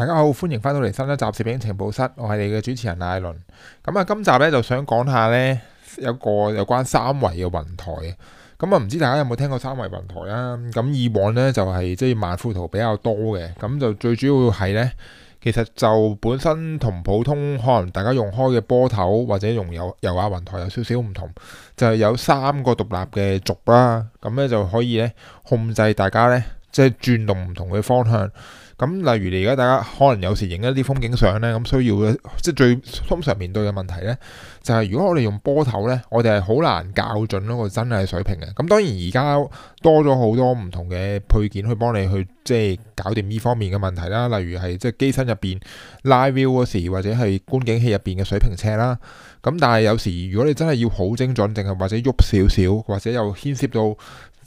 大家好，歡迎翻到嚟新一集攝影情報室，我係你嘅主持人艾倫。咁啊，今集咧就想講下咧，有個有關三維嘅雲台。咁啊，唔知大家有冇聽過三維雲台啦？咁以往咧就係即係萬富圖比較多嘅，咁就最主要係咧，其實就本身同普通可能大家用開嘅波頭或者用油油畫雲台有少少唔同，就係有三個獨立嘅軸啦。咁咧就可以咧控制大家咧即係轉動唔同嘅方向。咁例如你而家大家可能有時影一啲風景相咧，咁需要即係最通常面對嘅問題咧，就係如果我哋用波頭咧，我哋係好難校準嗰個真係水平嘅。咁當然而家多咗好多唔同嘅配件去幫你去即係搞掂呢方面嘅問題啦。例如係即係機身入邊 Live View 嗰時，或者係觀景器入邊嘅水平車啦。咁但係有時如果你真係要好精準淨係或者喐少少，或者又牽涉到。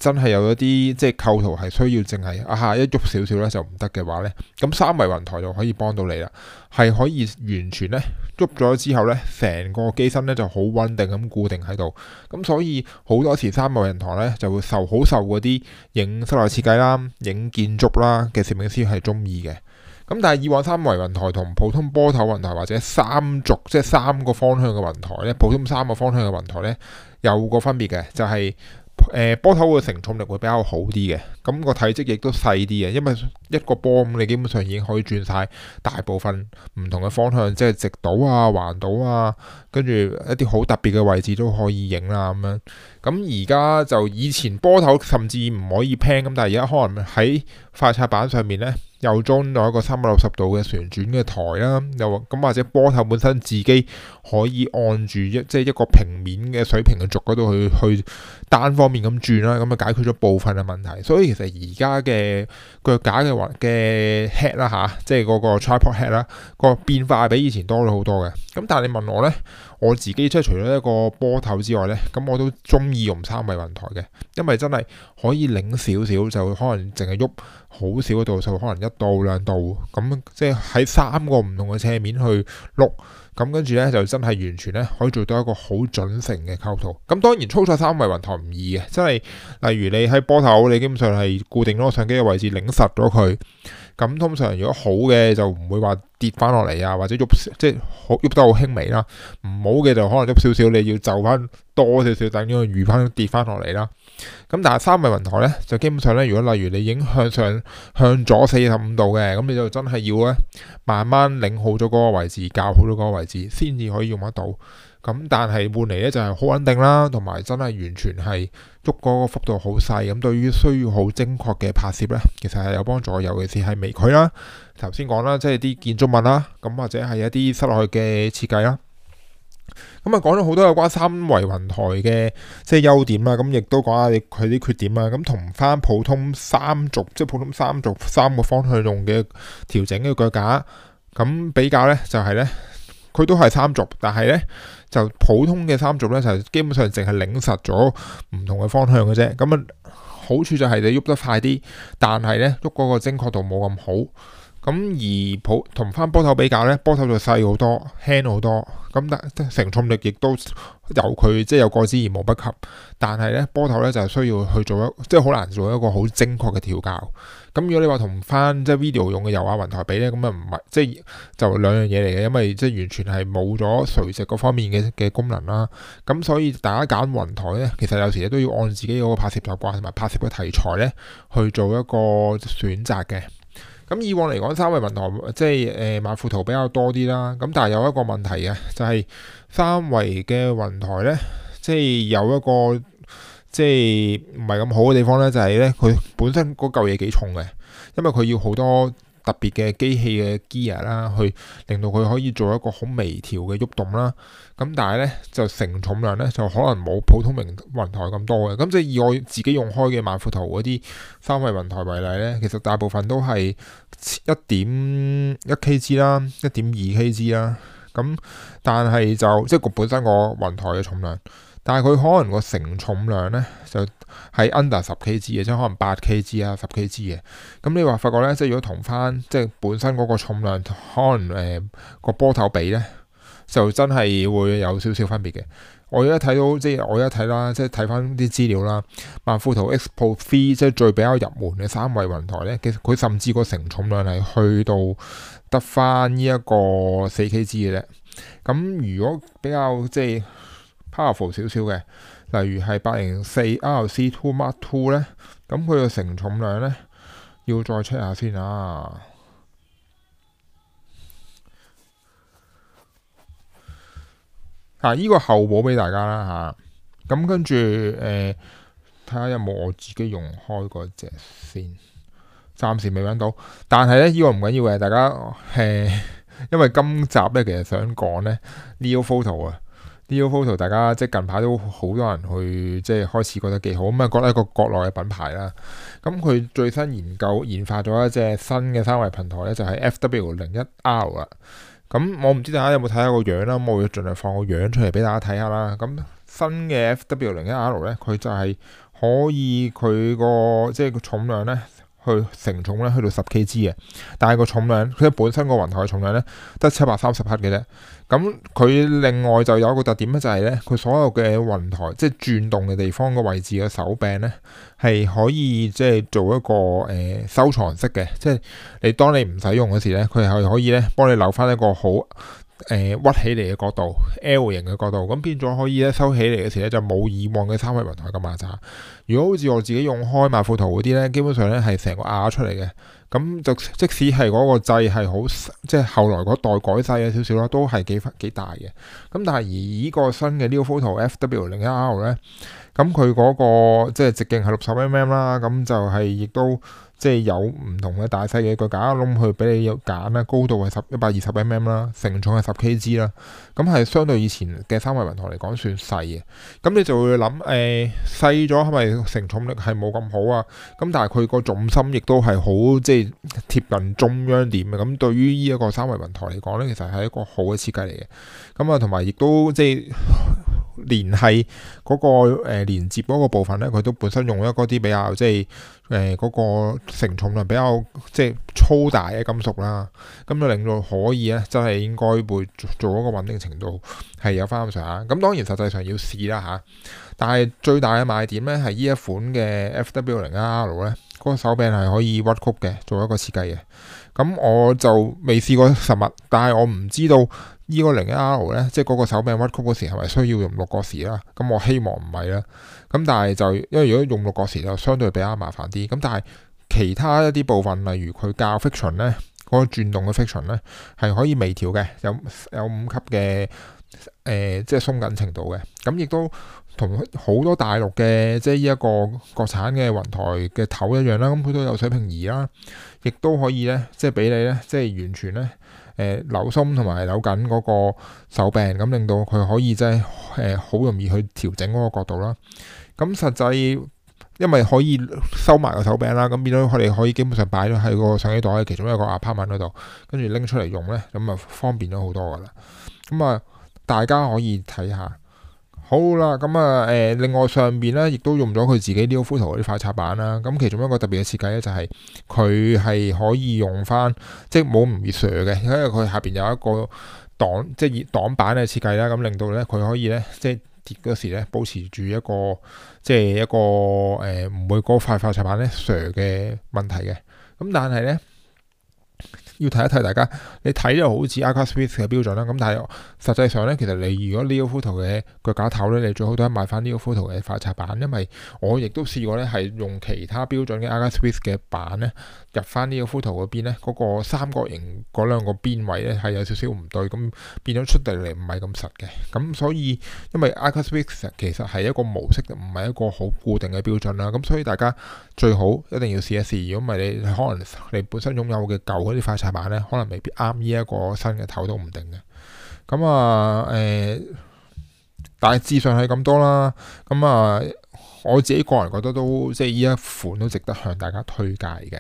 真係有一啲即係構圖係需要淨係啊嚇一喐少少咧，就唔得嘅話呢。咁三維雲台就可以幫到你啦，係可以完全呢喐咗之後呢，成個機身呢就好穩定咁固定喺度，咁所以好多時三維雲台呢就會受好受嗰啲影室內設計啦、影建築啦嘅攝影師係中意嘅。咁但係以往三維雲台同普通波頭雲台或者三軸即係三個方向嘅雲台呢，普通三個方向嘅雲台呢，有個分別嘅，就係。誒、呃，波頭嘅承重力會比較好啲嘅，咁、個體積亦都細啲嘅，因為一個波咁你基本上已經可以轉晒大部分唔同嘅方向，即係直倒啊、橫倒啊，跟住一啲好特別嘅位置都可以影啦咁樣。咁而家就以前波頭甚至唔可以拼 l，咁但係而家可能喺快拆板上面咧。又裝另一個三百六十度嘅旋轉嘅台啦，又咁或者波頭本身自己可以按住一即係一個平面嘅水平嘅軸嗰度去去單方面咁轉啦，咁啊解決咗部分嘅問題。所以其實而家嘅腳架嘅話嘅 head 啦、啊、嚇，即係嗰個 tripod head 啦、啊，這個變化比以前多咗好多嘅。咁但係你問我咧？我自己即係除咗一個波頭之外呢，咁我都中意用三維雲台嘅，因為真係可以擰少少就可能淨係喐好少嘅度數，就可能一度兩度咁，即係喺三個唔同嘅斜面去碌咁，跟住呢，就真係完全呢可以做到一個好準成嘅構圖。咁當然操作三維雲台唔易嘅，真係例如你喺波頭，你基本上係固定咗個相機嘅位置，擰實咗佢。咁通常如果好嘅就唔會話跌翻落嚟啊，或者喐即係喐得好輕微啦。唔好嘅就可能喐少少，你要就翻多少少，等呢個餘翻跌翻落嚟啦。咁但係三維雲台咧，就基本上咧，如果例如你影向上向左四十五度嘅，咁你就真係要咧慢慢領好咗嗰個位置，較好咗嗰個位置，先至可以用得到。咁但係換嚟咧就係好穩定啦，同埋真係完全係捉嗰個幅度好細。咁對於需要好精確嘅拍攝咧，其實係有幫助。尤其是係微距啦，頭先講啦，即係啲建築物啦，咁或者係一啲室內嘅設計啦。咁啊講咗好多有關三維雲台嘅即係優點啦，咁亦都講下佢啲缺點啊。咁同翻普通三軸，即係普通三軸三個方向用嘅調整嘅腳架咁比較咧，就係咧。佢都係三軸，但係呢，就普通嘅三軸呢，就基本上淨係擰實咗唔同嘅方向嘅啫。咁啊，好處就係你喐得快啲，但係呢，喐嗰個精確度冇咁好。咁而普同翻波頭比較咧，波頭就細好多，輕好多。咁但承重力亦都有佢即係有過、就是、之而無不及。但係咧波頭咧就是、需要去做一即係好難做一個好精確嘅調校。咁如果你話同翻即係 video 用嘅油畫雲台比咧，咁啊唔係即係就兩、就是、樣嘢嚟嘅，因為即係、就是、完全係冇咗垂直嗰方面嘅嘅功能啦。咁、啊、所以大家揀雲台咧，其實有時都要按自己嗰個拍攝習慣同埋拍攝嘅題材咧去做一個選擇嘅。咁以往嚟講，三維雲台即係誒曼富圖比較多啲啦。咁但係有一個問題啊，就係、是、三維嘅雲台咧，即係有一個即係唔係咁好嘅地方咧，就係咧佢本身嗰嚿嘢幾重嘅，因為佢要好多特別嘅機器嘅 gear 啦，去令到佢可以做一個好微調嘅喐動啦。咁但係咧，就成重量咧，就可能冇普通明雲台咁多嘅。咁即係以我自己用開嘅萬富圖嗰啲三維雲台為例咧，其實大部分都係一點一 kg 啦，一點二 kg 啦。咁、嗯，但係就即係個本身個雲台嘅重量，但係佢可能個承重量咧就係 under 十 Kg 嘅，即係可能八 Kg 啊十 Kg 嘅。咁你話發覺咧，即係如果同翻即係本身嗰個重量，可能誒、呃、個波頭比咧，就真係會有少少分別嘅。我而家睇到即係我而家睇啦，即係睇翻啲資料啦。萬富圖 XPRO Three 即係最比較入門嘅三維雲台咧，其實佢甚至個承重量係去到得翻呢一個四 K G 嘅啫。咁如果比較即係 powerful 少少嘅，例如係八零四 RC Two Mark Two 咧，咁佢個承重量咧要再 check 下先啊。嗱，依、啊，這個後補俾大家啦嚇，咁、啊、跟住誒，睇、呃、下有冇我自己用開嗰隻先，暫時未揾到。但係咧，依、這個唔緊要嘅，大家誒、呃，因為今集咧其實想講咧 Leofoto 啊 Leofoto 大家即係近排都好多人去，即係開始覺得幾好。咁、嗯、啊，覺得一個國內嘅品牌啦，咁、嗯、佢最新研究研發咗一隻新嘅三維平台咧，就係、是、FW 零一 R 啊。咁我唔知大家有冇睇下個樣啦，我要盡量放個樣出嚟俾大家睇下啦。咁新嘅 FW 零一 R 咧，佢就係可以佢個即係個重量咧。去承重咧，去到十 Kg 嘅，但係個重量，佢本身個雲台重量咧得七百三十克嘅啫。咁佢另外就有一個特點咧，就係咧，佢所有嘅雲台即係轉動嘅地方個位置嘅手柄咧，係可以即係做一個誒、呃、收藏式嘅，即係你當你唔使用嗰時咧，佢係可以咧幫你留返一個好。呃、屈起嚟嘅角度，L 型嘅角度，咁變咗可以咧收起嚟嘅時候咧就冇以往嘅三維雲台咁麻煩。如果好似我自己用開馬富圖嗰啲呢，基本上呢係成個壓出嚟嘅。咁就即使係嗰個掣係好，即係後來嗰代改細咗少少啦，都係幾分幾大嘅。咁但係而呢個新嘅 Leofoto F W 零一 R 咧，咁佢嗰個即係直徑係六十 mm 啦，咁就係亦都即係有唔同嘅大細嘅腳架窿去俾你揀啦。高度係十一百二十 mm 啦，承重係十 kg 啦。咁係相對以前嘅三維雲台嚟講算細嘅。咁你就會諗誒、呃、細咗係咪承重力係冇咁好啊？咁但係佢個重心亦都係好即係。貼近中央點嘅，咁對於呢一個三維雲台嚟講咧，其實係一個好嘅設計嚟嘅。咁啊，同埋亦都即係連繫嗰個誒、呃、連接嗰個部分咧，佢都本身用咗嗰啲比較即係誒嗰個承重量比較即係粗大嘅金屬啦。咁就令到可以咧，真係應該會做做一個穩定程度係有翻咁上下。咁當然實際上要試啦吓。但係最大嘅賣點咧，係呢一款嘅 FW 零 R 咧。嗰個手柄係可以屈曲嘅，做一個設計嘅。咁我就未試過實物，但係我唔知道依個零一 R 咧，即係嗰個手柄屈曲嗰時係咪需要用六角匙啦？咁我希望唔係啦。咁但係就因為如果用六角匙就相對比較麻煩啲。咁但係其他一啲部分，例如佢較 friction 咧，嗰個轉動嘅 friction 咧，係可以微調嘅，有有五級嘅。誒、呃，即係鬆緊程度嘅，咁亦都同好多大陸嘅即係呢一個國產嘅雲台嘅頭一樣啦，咁、嗯、佢都有水平儀啦，亦都可以咧，即係俾你咧，即係完全咧，誒、呃、扭鬆同埋扭緊嗰個手柄，咁、嗯、令到佢可以即係誒好容易去調整嗰個角度啦。咁、嗯、實際因為可以收埋個手柄啦，咁變咗佢哋可以基本上擺咗喺個相機袋嘅其中一個 apartment 嗰度，跟住拎出嚟用咧，咁啊方便咗好多噶啦，咁、嗯、啊。大家可以睇下，好啦，咁啊，誒、呃，另外上邊咧，亦都用咗佢自己 Leofoto 嗰啲快插板啦、啊。咁、嗯、其中一個特別嘅設計咧，就係佢係可以用翻，即係冇唔 SIR 嘅，因為佢下邊有一個擋，即係擋板嘅設計啦。咁、嗯、令到咧，佢可以咧，即係跌時咧，保持住一個，即係一個誒唔、呃、會嗰塊快，快插板咧 SIR 嘅問題嘅。咁、嗯、但係咧。要睇一睇大家，你睇就好似 Arca Swiss 嘅標準啦。咁但係實際上咧，其實你如果呢個 Leofoto 嘅腳架頭咧，你最好都係買翻呢個 Leofoto 嘅快拆板，因為我亦都試過咧係用其他標準嘅 Arca Swiss 嘅板咧入翻呢個 Leofoto 嗰邊咧，嗰個三角形兩個邊位咧係有少少唔對，咁變咗出地嚟唔係咁實嘅。咁所以因為 Arca Swiss 其實係一個模式，唔係一個好固定嘅標準啦。咁所以大家最好一定要試一試，如果唔係你可能你本身擁有嘅舊啲快大把咧，可能未必啱呢一個新嘅頭都唔定嘅。咁啊，誒、呃，大致上係咁多啦。咁啊、呃，我自己個人覺得都即係呢一款都值得向大家推介嘅。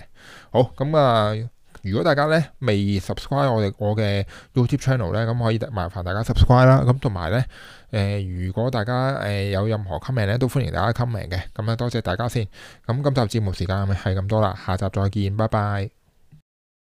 好，咁啊、呃，如果大家咧未 subscribe 我哋我嘅 YouTube channel 咧，咁可以麻煩大家 subscribe 啦。咁同埋咧，誒、呃，如果大家誒、呃、有任何 comment 咧，都歡迎大家 comment 嘅。咁啊，多謝大家先。咁今集節目時間咪係咁多啦，下集再見，拜拜。